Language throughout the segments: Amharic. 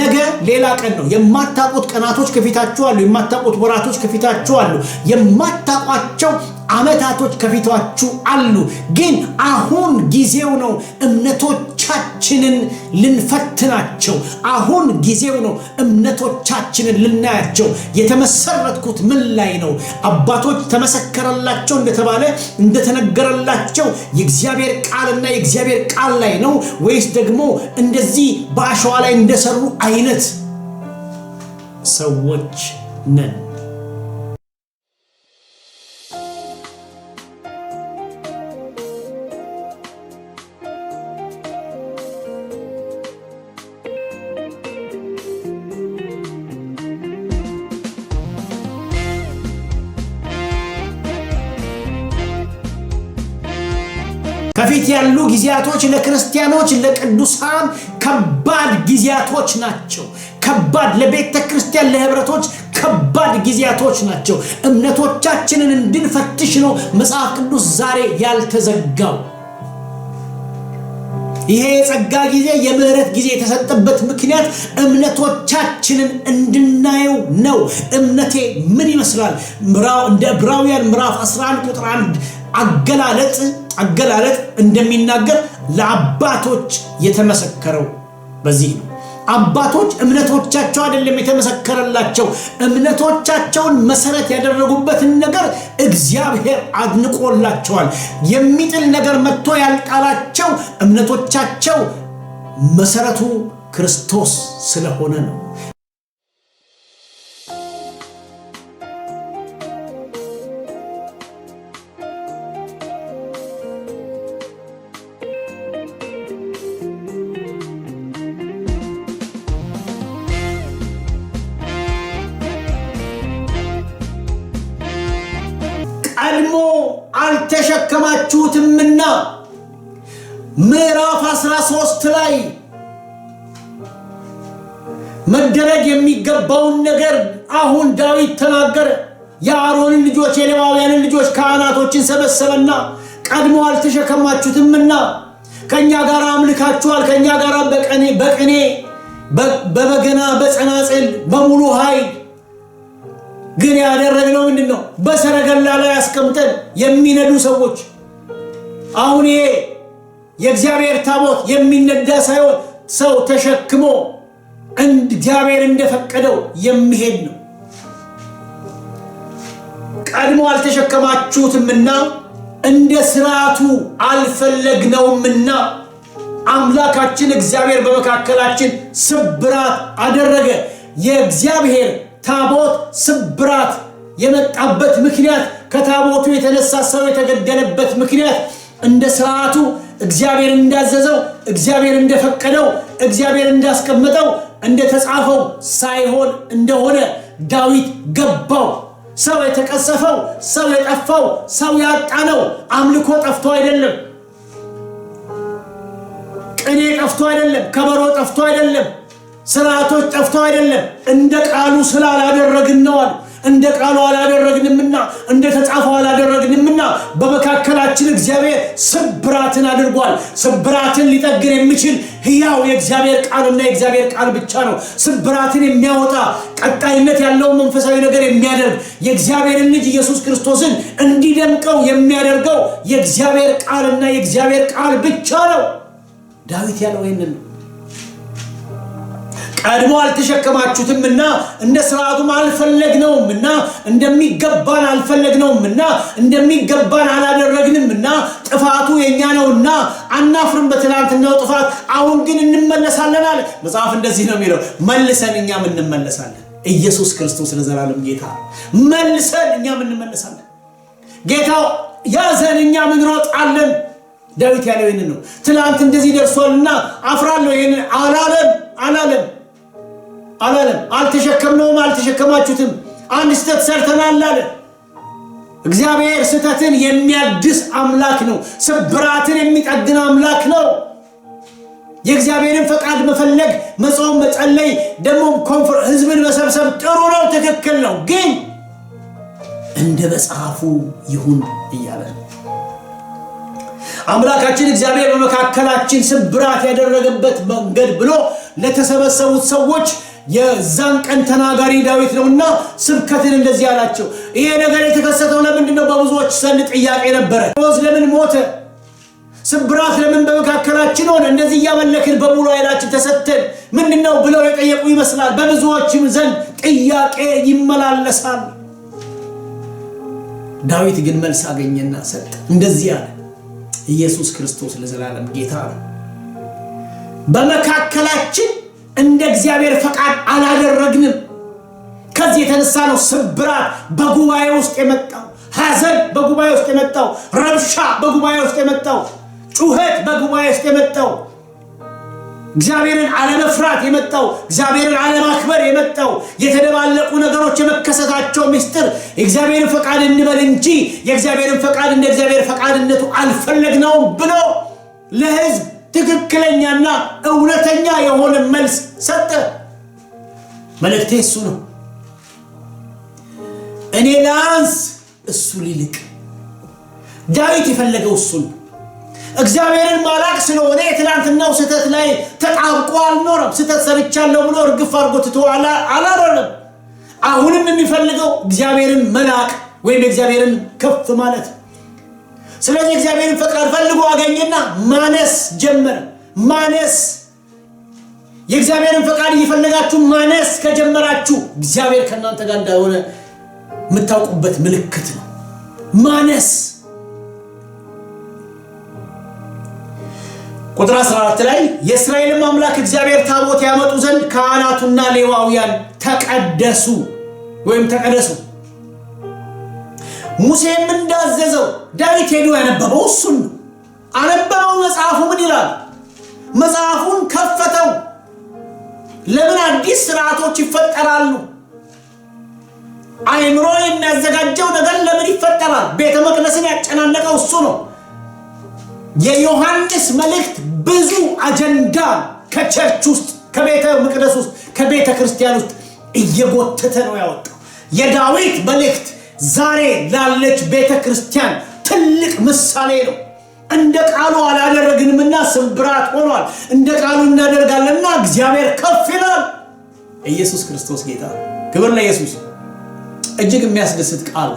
ነገ ሌላ ቀን ነው። የማታውቁት ቀናቶች ከፊታችሁ አሉ። የማታውቁት ወራቶች ከፊታችሁ አሉ። የማታውቋቸው ዓመታቶች ከፊታችሁ አሉ። ግን አሁን ጊዜው ነው። እምነቶች እምነቶቻችንን ልንፈትናቸው አሁን ጊዜው ነው። እምነቶቻችንን ልናያቸው የተመሰረትኩት ምን ላይ ነው? አባቶች ተመሰከረላቸው እንደተባለ እንደተነገረላቸው የእግዚአብሔር ቃልና የእግዚአብሔር ቃል ላይ ነው ወይስ ደግሞ እንደዚህ በአሸዋ ላይ እንደሰሩ አይነት ሰዎች ነን? ከፊት ያሉ ጊዜያቶች ለክርስቲያኖች ለቅዱሳን ከባድ ጊዜያቶች ናቸው። ከባድ ለቤተ ክርስቲያን ለህብረቶች ከባድ ጊዜያቶች ናቸው። እምነቶቻችንን እንድንፈትሽ ነው መጽሐፍ ቅዱስ ዛሬ ያልተዘጋው። ይሄ የጸጋ ጊዜ የምህረት ጊዜ የተሰጠበት ምክንያት እምነቶቻችንን እንድናየው ነው። እምነቴ ምን ይመስላል? እንደ ዕብራውያን ምዕራፍ 11 ቁጥር 1 አገላለጽ አገላለጥ እንደሚናገር ለአባቶች የተመሰከረው በዚህ ነው። አባቶች እምነቶቻቸው አይደለም የተመሰከረላቸው፣ እምነቶቻቸውን መሰረት ያደረጉበትን ነገር እግዚአብሔር አድንቆላቸዋል። የሚጥል ነገር መጥቶ ያልጣላቸው እምነቶቻቸው መሰረቱ ክርስቶስ ስለሆነ ነው። 13 ላይ መደረግ የሚገባውን ነገር አሁን ዳዊት ተናገረ። የአሮንን ልጆች የሌዋውያንን ልጆች ካህናቶችን ሰበሰበና ቀድሞ አልተሸከማችሁትምና ከእኛ ጋር አምልካችኋል፣ ከእኛ ጋር በቀኔ በቅኔ በበገና በጸናጽል በሙሉ ኃይል ግን ያደረግነው ምንድን ነው? በሰረገላ ላይ አስቀምጠን የሚነዱ ሰዎች አሁን ይሄ የእግዚአብሔር ታቦት የሚነዳ ሳይሆን ሰው ተሸክሞ እግዚአብሔር እንደፈቀደው የሚሄድ ነው። ቀድሞ አልተሸከማችሁትምና እንደ ስርዓቱ አልፈለግነውምና አምላካችን እግዚአብሔር በመካከላችን ስብራት አደረገ። የእግዚአብሔር ታቦት ስብራት የመጣበት ምክንያት ከታቦቱ የተነሳ ሰው የተገደለበት ምክንያት እንደ ስርዓቱ እግዚአብሔር እንዳዘዘው እግዚአብሔር እንደፈቀደው እግዚአብሔር እንዳስቀመጠው እንደተጻፈው ሳይሆን እንደሆነ ዳዊት ገባው። ሰው የተቀሰፈው ሰው የጠፋው ሰው ያጣነው አምልኮ ጠፍቶ አይደለም። ቅኔ ጠፍቶ አይደለም። ከበሮ ጠፍቶ አይደለም። ስርዓቶች ጠፍቶ አይደለም። እንደ ቃሉ ስላላደረግን ነዋል እንደ ቃሉ አላደረግንምና እንደ ተጻፈው አላደረግንምና በመካከላችን እግዚአብሔር ስብራትን አድርጓል። ስብራትን ሊጠግር የሚችል ሕያው የእግዚአብሔር ቃልና የእግዚአብሔር ቃል ብቻ ነው። ስብራትን የሚያወጣ ቀጣይነት ያለውን መንፈሳዊ ነገር የሚያደርግ የእግዚአብሔርን ልጅ ኢየሱስ ክርስቶስን እንዲደምቀው የሚያደርገው የእግዚአብሔር ቃልና የእግዚአብሔር ቃል ብቻ ነው። ዳዊት ያለው ይህንን ነው። ቀድሞ አልተሸከማችሁትም እና እንደ ስርዓቱም አልፈለግነውም እና እንደሚገባን አልፈለግነውም እና እንደሚገባን አላደረግንም እና ጥፋቱ የእኛ ነው እና አናፍርም በትናንትናው ጥፋት፣ አሁን ግን እንመለሳለን አለ። መጽሐፍ እንደዚህ ነው የሚለው፣ መልሰን እኛም እንመለሳለን። ኢየሱስ ክርስቶስ ለዘላለም ጌታ። መልሰን እኛም እንመለሳለን። ጌታው ያዘን፣ እኛም እንሮጣለን። ዳዊት ያለው ይህንን ነው። ትናንት እንደዚህ ደርሷልና አፍራለሁ ይህንን አላለም አላለም አላለም። አልተሸከምነውም፣ አልተሸከማችሁትም። አንድ ስህተት ሰርተናል አለ። እግዚአብሔር ስህተትን የሚያድስ አምላክ ነው። ስብራትን የሚጠግን አምላክ ነው። የእግዚአብሔርን ፈቃድ መፈለግ፣ መጾም፣ መጸለይ ደግሞ ህዝብን መሰብሰብ ጥሩ ነው፣ ትክክል ነው። ግን እንደ መጽሐፉ ይሁን እያለ አምላካችን እግዚአብሔር በመካከላችን ስብራት ያደረገበት መንገድ ብሎ ለተሰበሰቡት ሰዎች የዛን ቀን ተናጋሪ ዳዊት ነውና ስብከትን እንደዚህ አላቸው። ይሄ ነገር የተከሰተው ለምንድን ነው? በብዙዎች ዘንድ ጥያቄ ነበረ። ሮዝ ለምን ሞተ? ስብራት ለምን በመካከላችን ሆነ? እንደዚህ እያመለክን በሙሉ ኃይላችን ተሰተን ምንድን ነው ብለው የጠየቁ ይመስላል። በብዙዎችም ዘንድ ጥያቄ ይመላለሳል። ዳዊት ግን መልስ አገኘና ሰጠ። እንደዚህ አለ፣ ኢየሱስ ክርስቶስ ለዘላለም ጌታ ነው በመካከላችን እንደ እግዚአብሔር ፈቃድ አላደረግንም። ከዚህ የተነሳ ነው ስብራት በጉባኤ ውስጥ የመጣው፣ ሐዘን በጉባኤ ውስጥ የመጣው፣ ረብሻ በጉባኤ ውስጥ የመጣው፣ ጩኸት በጉባኤ ውስጥ የመጣው፣ እግዚአብሔርን አለመፍራት የመጣው፣ እግዚአብሔርን አለማክበር የመጣው፣ የተደባለቁ ነገሮች የመከሰታቸው ምስጢር የእግዚአብሔርን ፈቃድ እንበል እንጂ የእግዚአብሔርን ፈቃድ እንደ እግዚአብሔር ፈቃድነቱ አልፈለግነውም ብሎ ለህዝብ ትክክለኛና እውነተኛ የሆነ መልስ ሰጠ። መልእክቴ እሱ ነው። እኔ ላንስ፣ እሱ ሊልቅ። ዳዊት የፈለገው እሱ ነው። እግዚአብሔርን ማላቅ ስለሆነ የትናንትናው ስህተት ላይ ተጣብቆ አልኖረም። ስህተት ሰርቻለሁ ብሎ እርግፍ አድርጎ ትቶ አላረረም። አሁንም የሚፈልገው እግዚአብሔርን መላቅ ወይም እግዚአብሔርን ከፍ ማለት ነው። ስለዚህ እግዚአብሔርን ፈቃድ ፈልጎ አገኘና ማነስ ጀመረ። ማነስ የእግዚአብሔርን ፈቃድ እየፈለጋችሁ ማነስ ከጀመራችሁ እግዚአብሔር ከእናንተ ጋር እንዳልሆነ የምታውቁበት ምልክት ነው። ማነስ ቁጥር 14 ላይ የእስራኤልም አምላክ እግዚአብሔር ታቦት ያመጡ ዘንድ ካህናቱና ሌዋውያን ተቀደሱ ወይም ተቀደሱ ሙሴም እንዳዘዘ ዳዊት ሄዶ ያነበበው እሱን ነው። አነበበው። መጽሐፉ ምን ይላል? መጽሐፉን ከፈተው። ለምን አዲስ ስርዓቶች ይፈጠራሉ? አእምሮ የሚያዘጋጀው ነገር ለምን ይፈጠራል? ቤተ መቅደስን ያጨናነቀው እሱ ነው። የዮሐንስ መልእክት ብዙ አጀንዳ ከቸርች ውስጥ ከቤተ መቅደስ ውስጥ ከቤተ ክርስቲያን ውስጥ እየጎተተ ነው ያወጣው። የዳዊት መልእክት ዛሬ ላለች ቤተ ክርስቲያን ትልቅ ምሳሌ ነው። እንደ ቃሉ አላደረግንምና ስብራት ሆኗል። እንደ ቃሉ እናደርጋለንና እግዚአብሔር ከፍ ይላል። ኢየሱስ ክርስቶስ ጌታ። ክብር ለኢየሱስ። እጅግ የሚያስደስት ቃል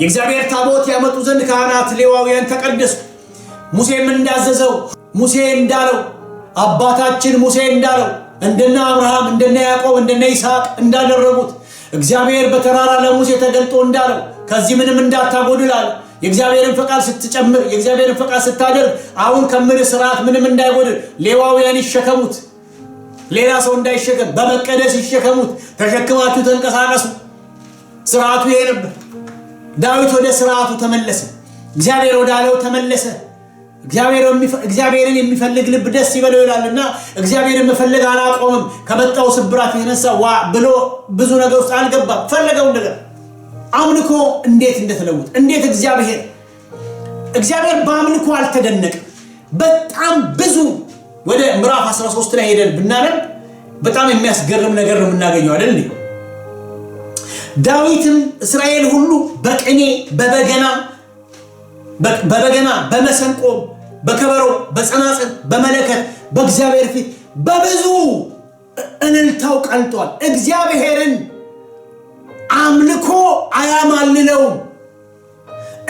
የእግዚአብሔር ታቦት ያመጡ ዘንድ ካህናት ሌዋውያን ተቀደሱ። ሙሴም እንዳዘዘው ሙሴ እንዳለው አባታችን ሙሴ እንዳለው እንደነ አብርሃም እንደነ ያዕቆብ እንደነ ይስሐቅ እንዳደረጉት እግዚአብሔር በተራራ ለሙሴ ተገልጦ እንዳለው ከዚህ ምንም እንዳታጎድል አለ። የእግዚአብሔርን ፈቃድ ስትጨምር፣ የእግዚአብሔርን ፈቃድ ስታደርግ፣ አሁን ከምር ስርዓት ምንም እንዳይጎድል ሌዋውያን ይሸከሙት፣ ሌላ ሰው እንዳይሸከም በመቀደስ ይሸከሙት። ተሸክማችሁ ተንቀሳቀሱ። ስርዓቱ ይሄ ነበር። ዳዊት ወደ ስርዓቱ ተመለሰ። እግዚአብሔር ወዳለው ተመለሰ። እግዚአብሔርን የሚፈልግ ልብ ደስ ይበለው ይላልና እግዚአብሔርን መፈለግ አላቆምም። ከመጣው ስብራት የተነሳ ዋ ብሎ ብዙ ነገር ውስጥ አልገባም። ፈለገውን ነገር አምልኮ እንዴት እንደተለውጥ እንዴት እግዚአብሔር እግዚአብሔር በአምልኮ አልተደነቅም። በጣም ብዙ ወደ ምዕራፍ 13 ላይ ሄደን ብናነብ በጣም የሚያስገርም ነገር ነው የምናገኘው አይደል? ዳዊትም እስራኤል ሁሉ በቅኔ በበገና በበገና በመሰንቆ በከበሮ በጸናጽል በመለከት በእግዚአብሔር ፊት በብዙ እልልታው ቀልጧል። እግዚአብሔርን አምልኮ አያማልለውም።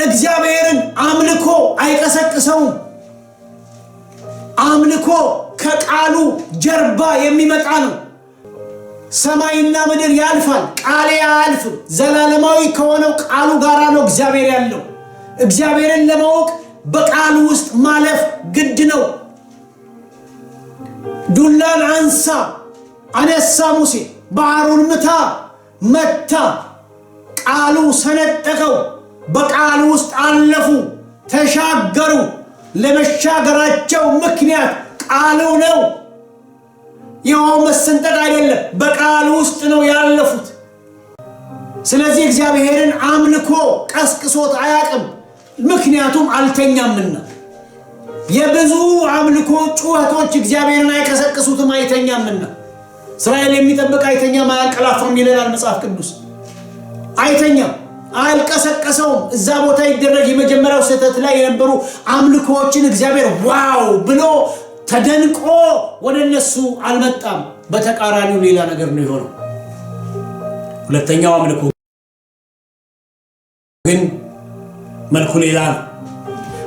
እግዚአብሔርን አምልኮ አይቀሰቅሰውም። አምልኮ ከቃሉ ጀርባ የሚመጣ ነው። ሰማይና ምድር ያልፋል፣ ቃሌ አያልፍም። ዘላለማዊ ከሆነው ቃሉ ጋራ ነው እግዚአብሔር ያለው። እግዚአብሔርን ለማወቅ በቃሉ ውስጥ ማለፍ ግድ ነው። ዱላን አንሳ አነሳ ሙሴ፣ ባህሩን ምታ መታ። ቃሉ ሰነጠቀው። በቃሉ ውስጥ አለፉ፣ ተሻገሩ። ለመሻገራቸው ምክንያት ቃሉ ነው። የውሃው መሰንጠቅ አይደለም፣ በቃሉ ውስጥ ነው ያለፉት። ስለዚህ እግዚአብሔርን አምልኮ ቀስቅሶት አያውቅም። ምክንያቱም አልተኛምና። የብዙ አምልኮ ጩኸቶች እግዚአብሔርን አይቀሰቅሱትም፣ አይተኛምና። እስራኤል የሚጠብቅ አይተኛም፣ አያንቀላፋም ይለናል መጽሐፍ ቅዱስ። አይተኛም፣ አልቀሰቀሰውም። እዛ ቦታ ይደረግ የመጀመሪያው ስህተት ላይ የነበሩ አምልኮዎችን እግዚአብሔር ዋው ብሎ ተደንቆ ወደ እነሱ አልመጣም። በተቃራኒው ሌላ ነገር ነው የሆነው። ሁለተኛው አምልኮ ግን መልኩ ሌላ ነው።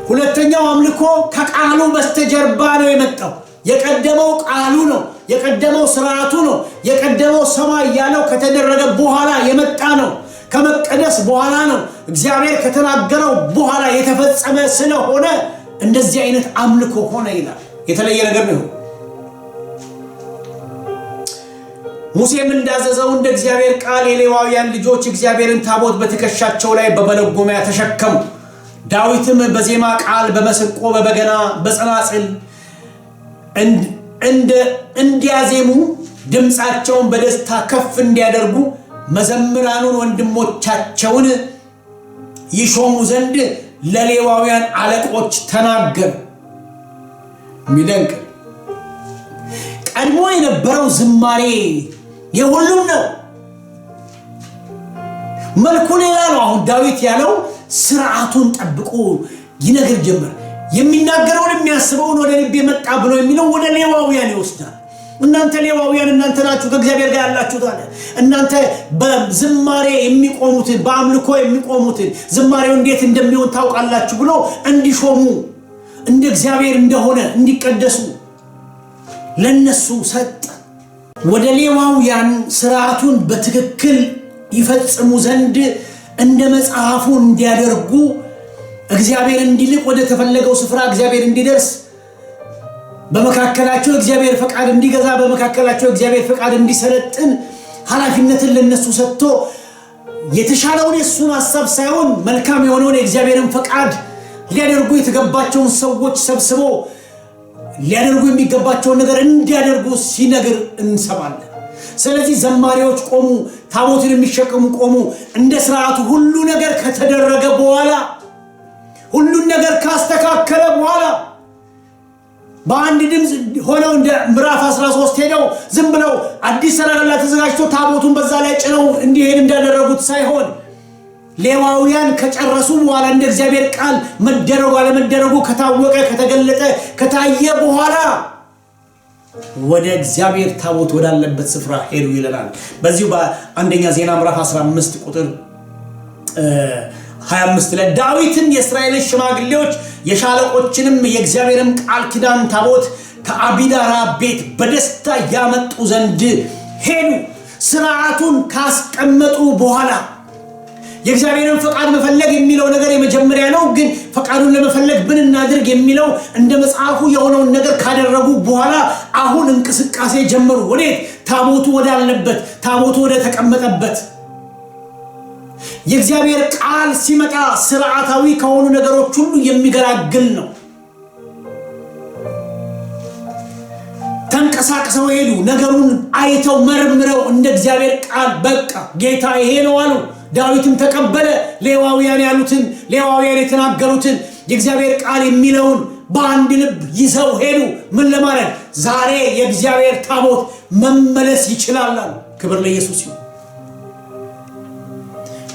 ሁለተኛው አምልኮ ከቃሉ በስተጀርባ ነው የመጣው። የቀደመው ቃሉ ነው፣ የቀደመው ስርዓቱ ነው፣ የቀደመው ሰማይ ያለው ከተደረገ በኋላ የመጣ ነው። ከመቀደስ በኋላ ነው፣ እግዚአብሔር ከተናገረው በኋላ የተፈጸመ ስለሆነ እንደዚህ አይነት አምልኮ ሆነ ይላል። የተለየ ነገር ነው። ሙሴም እንዳዘዘው እንደ እግዚአብሔር ቃል የሌዋውያን ልጆች እግዚአብሔርን ታቦት በትከሻቸው ላይ በመለጎሚያ ተሸከሙ። ዳዊትም በዜማ ቃል፣ በመስንቆ፣ በበገና፣ በጸናጽል እንዲያዜሙ ድምፃቸውን በደስታ ከፍ እንዲያደርጉ መዘምራኑን ወንድሞቻቸውን ይሾሙ ዘንድ ለሌዋውያን አለቆች ተናገሩ። የሚደንቅ ቀድሞ የነበረው ዝማሬ የሁሉም ነው። መልኩ ሌላ ነው። አሁን ዳዊት ያለው ስርዓቱን ጠብቆ ይነግር ጀመር። የሚናገረውን የሚያስበውን ወደ ልቤ መጣ ብሎ የሚለው ወደ ሌዋውያን ይወስዳል። እናንተ ሌዋውያን እናንተ ናችሁ ከእግዚአብሔር ጋር ያላችሁት አለ። እናንተ በዝማሬ የሚቆሙትን በአምልኮ የሚቆሙትን ዝማሬው እንዴት እንደሚሆን ታውቃላችሁ ብሎ እንዲሾሙ እንደ እግዚአብሔር እንደሆነ እንዲቀደሱ ለነሱ ሰጠ። ወደ ሌዋውያን ስርዓቱን በትክክል ይፈጽሙ ዘንድ እንደ መጽሐፉ እንዲያደርጉ እግዚአብሔር እንዲልቅ ወደ ተፈለገው ስፍራ እግዚአብሔር እንዲደርስ በመካከላቸው እግዚአብሔር ፈቃድ እንዲገዛ በመካከላቸው እግዚአብሔር ፈቃድ እንዲሰለጥን ኃላፊነትን ለነሱ ሰጥቶ የተሻለውን የእሱን ሀሳብ ሳይሆን መልካም የሆነውን የእግዚአብሔርን ፈቃድ ሊያደርጉ የተገባቸውን ሰዎች ሰብስቦ ሊያደርጉ የሚገባቸውን ነገር እንዲያደርጉ ሲነግር እንሰማለን። ስለዚህ ዘማሪዎች ቆሙ፣ ታቦትን የሚሸከሙ ቆሙ። እንደ ስርዓቱ ሁሉ ነገር ከተደረገ በኋላ ሁሉን ነገር ካስተካከለ በኋላ በአንድ ድምፅ ሆነው እንደ ምዕራፍ 13 ሄደው ዝም ብለው አዲስ ሰረገላ ተዘጋጅቶ ታቦቱን በዛ ላይ ጭነው እንዲሄድ እንዳደረጉት ሳይሆን ሌዋውያን ከጨረሱ በኋላ እንደ እግዚአብሔር ቃል መደረጉ አለመደረጉ ከታወቀ ከተገለጠ ከታየ በኋላ ወደ እግዚአብሔር ታቦት ወዳለበት ስፍራ ሄዱ ይለናል። በዚሁ በአንደኛ ዜና ምዕራፍ 15 ቁጥር 25 ላይ ዳዊትን የእስራኤልን ሽማግሌዎች የሻለቆችንም የእግዚአብሔርም ቃል ኪዳን ታቦት ከአቢዳራ ቤት በደስታ ያመጡ ዘንድ ሄዱ። ስርዓቱን ካስቀመጡ በኋላ የእግዚአብሔርን ፈቃድ መፈለግ የሚለው ነገር የመጀመሪያ ነው። ግን ፈቃዱን ለመፈለግ ምን እናድርግ የሚለው እንደ መጽሐፉ የሆነውን ነገር ካደረጉ በኋላ አሁን እንቅስቃሴ ጀመሩ። ወዴት? ታቦቱ ወዳለበት፣ ታቦቱ ወደ ተቀመጠበት። የእግዚአብሔር ቃል ሲመጣ ስርዓታዊ ከሆኑ ነገሮች ሁሉ የሚገላግል ነው። ተንቀሳቅሰው ሄዱ። ነገሩን አይተው መርምረው እንደ እግዚአብሔር ቃል በቃ ጌታ ይሄ ነው አሉ። ዳዊትም ተቀበለ። ሌዋውያን ያሉትን ሌዋውያን የተናገሩትን የእግዚአብሔር ቃል የሚለውን በአንድ ልብ ይዘው ሄዱ። ምን ለማለት ዛሬ የእግዚአብሔር ታቦት መመለስ ይችላል። ክብር ለኢየሱስ ይሁን።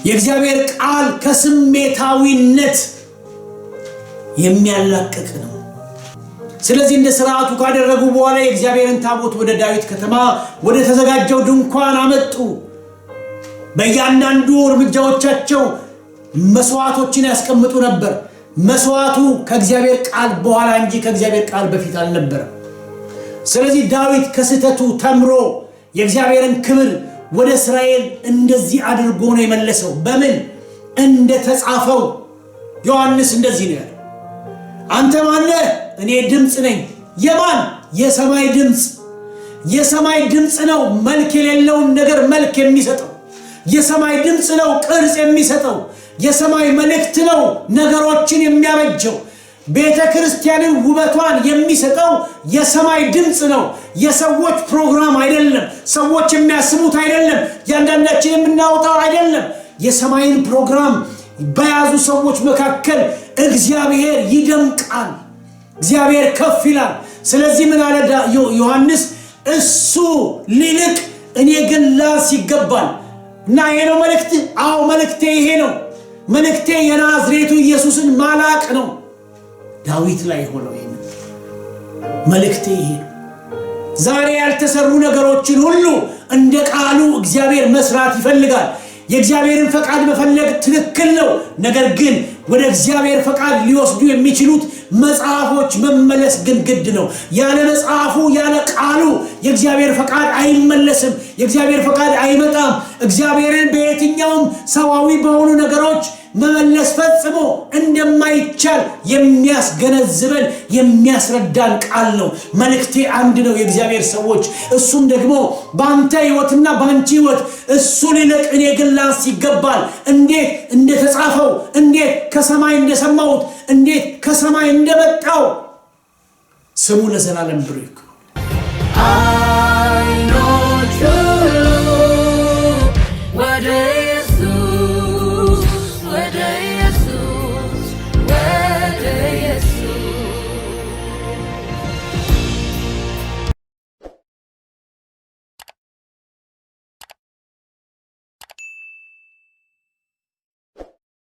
የእግዚአብሔር ቃል ከስሜታዊነት የሚያላቅቅ ነው። ስለዚህ እንደ ስርዓቱ ካደረጉ በኋላ የእግዚአብሔርን ታቦት ወደ ዳዊት ከተማ ወደ ተዘጋጀው ድንኳን አመጡ። በእያንዳንዱ እርምጃዎቻቸው መስዋዕቶችን ያስቀምጡ ነበር። መስዋዕቱ ከእግዚአብሔር ቃል በኋላ እንጂ ከእግዚአብሔር ቃል በፊት አልነበረም። ስለዚህ ዳዊት ከስህተቱ ተምሮ የእግዚአብሔርን ክብር ወደ እስራኤል እንደዚህ አድርጎ ነው የመለሰው። በምን እንደተጻፈው ዮሐንስ እንደዚህ ነው ያለ፣ አንተ ማነህ? እኔ ድምፅ ነኝ። የማን? የሰማይ ድምፅ። የሰማይ ድምፅ ነው መልክ የሌለውን ነገር መልክ የሚሰጠው የሰማይ ድምፅ ነው ቅርጽ የሚሰጠው። የሰማይ መልእክት ነው ነገሮችን የሚያበጀው። ቤተ ክርስቲያንን ውበቷን የሚሰጠው የሰማይ ድምፅ ነው። የሰዎች ፕሮግራም አይደለም። ሰዎች የሚያስቡት አይደለም። ያንዳንዳችን የምናወጣው አይደለም። የሰማይን ፕሮግራም በያዙ ሰዎች መካከል እግዚአብሔር ይደምቃል። እግዚአብሔር ከፍ ይላል። ስለዚህ ምን አለ ዮሐንስ? እሱ ሊልቅ እኔ ግን ላንስ ይገባል። እና ይሄ ነው መልእክት። አዎ መልእክቴ ይሄ ነው። መልእክቴ የናዝሬቱ ኢየሱስን ማላቅ ነው። ዳዊት ላይ ሆነው ይሄ መልእክቴ ይሄ ነው። ዛሬ ያልተሰሩ ነገሮችን ሁሉ እንደ ቃሉ እግዚአብሔር መስራት ይፈልጋል። የእግዚአብሔርን ፈቃድ መፈለግ ትክክል ነው። ነገር ግን ወደ እግዚአብሔር ፈቃድ ሊወስዱ የሚችሉት መጽሐፎች መመለስ ግን ግድ ነው። ያለ መጽሐፉ ያለ ቃሉ የእግዚአብሔር ፈቃድ አይመለስም። የእግዚአብሔር ፈቃድ አይመጣም። እግዚአብሔርን በየትኛውም ሰዋዊ በሆኑ ነገሮች መመለስ ፈጽሞ እንደማይቻል የሚያስገነዝበን የሚያስረዳን ቃል ነው። መልእክቴ አንድ ነው የእግዚአብሔር ሰዎች፣ እሱም ደግሞ በአንተ ሕይወትና በአንቺ ሕይወት እሱ ሊለቅ እኔ ግን ላንስ ይገባል። እንዴት እንደተጻፈው፣ እንዴት ከሰማይ እንደሰማሁት፣ እንዴት ከሰማይ እንደመጣው ስሙ ለዘላለም ብሩክ